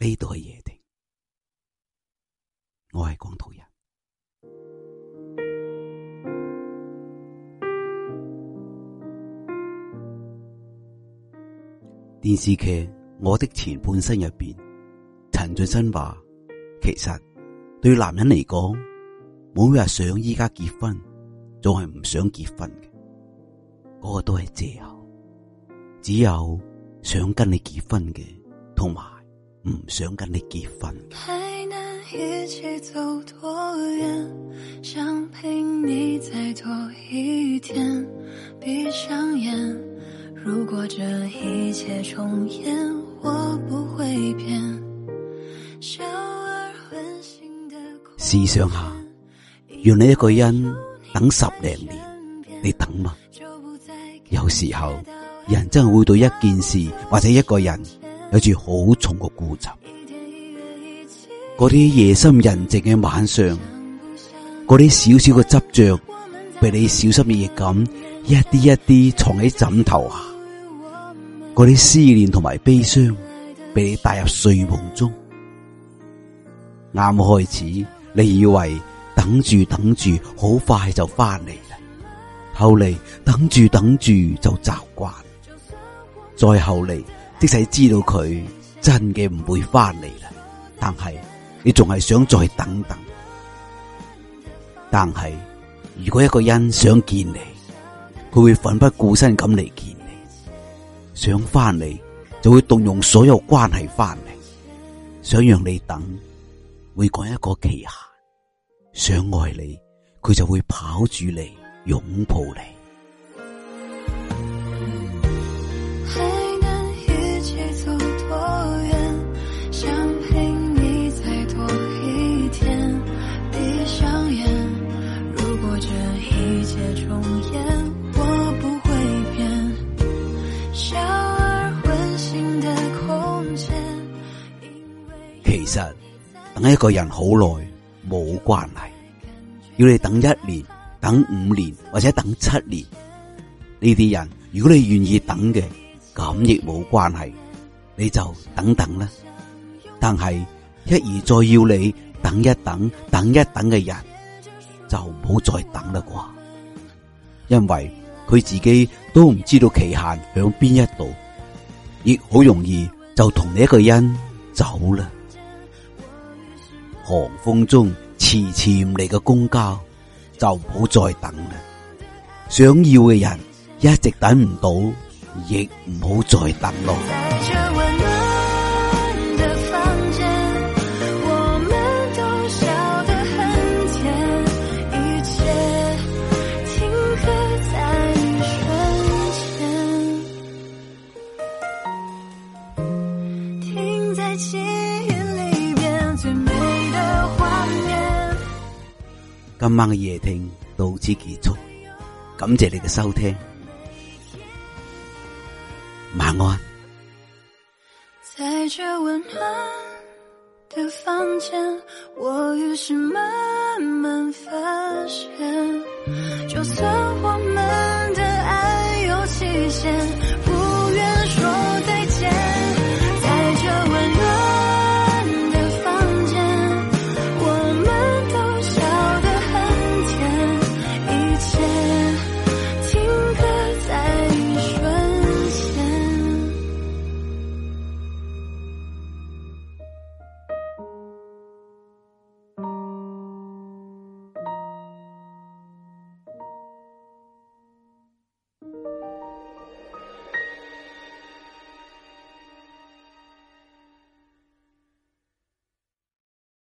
呢度係夜定，我係廣東人。電視劇《我的前半生》入邊，陳俊生話：其實對男人嚟講，每日想依家結婚，仲係唔想結婚嘅，嗰個都係借口。只有想跟你結婚嘅，同埋。唔想跟你結婚。試想下，要你一個人等十零年，你等嘛？有時候，人真係會對一件事或者一個人。有住好重嘅固執，嗰啲夜深人靜嘅晚上，嗰啲少少嘅執着，被你小心翼翼咁一啲一啲藏喺枕頭下，嗰啲思念同埋悲傷，畀你帶入睡夢中。啱開始，你以為等住等住，好快就翻嚟啦，後嚟等住等住就習慣，再後嚟。即使知道佢真嘅唔會翻嚟啦，但係你仲係想再等等。但係如果一個人想見你，佢會奮不顧身咁嚟見你，想翻嚟就會動用所有關係翻嚟，想讓你等，會講一個期限，想愛你佢就會跑住嚟擁抱你。其實等一個人好耐冇關係，要你等一年、等五年或者等七年。呢啲人，如果你願意等嘅，咁亦冇關係，你就等等啦。但係一而再要你等一等、等一等嘅人，就唔好再等啦啩，因為佢自己都唔知道期限響邊一度，亦好容易就同你一個人走啦。寒風中遲遲唔嚟嘅公交，就唔好再等啦。想要嘅人一直等唔到，亦唔好再等咯。今晚嘅夜聽到此結束，感謝你嘅收聽，晚安。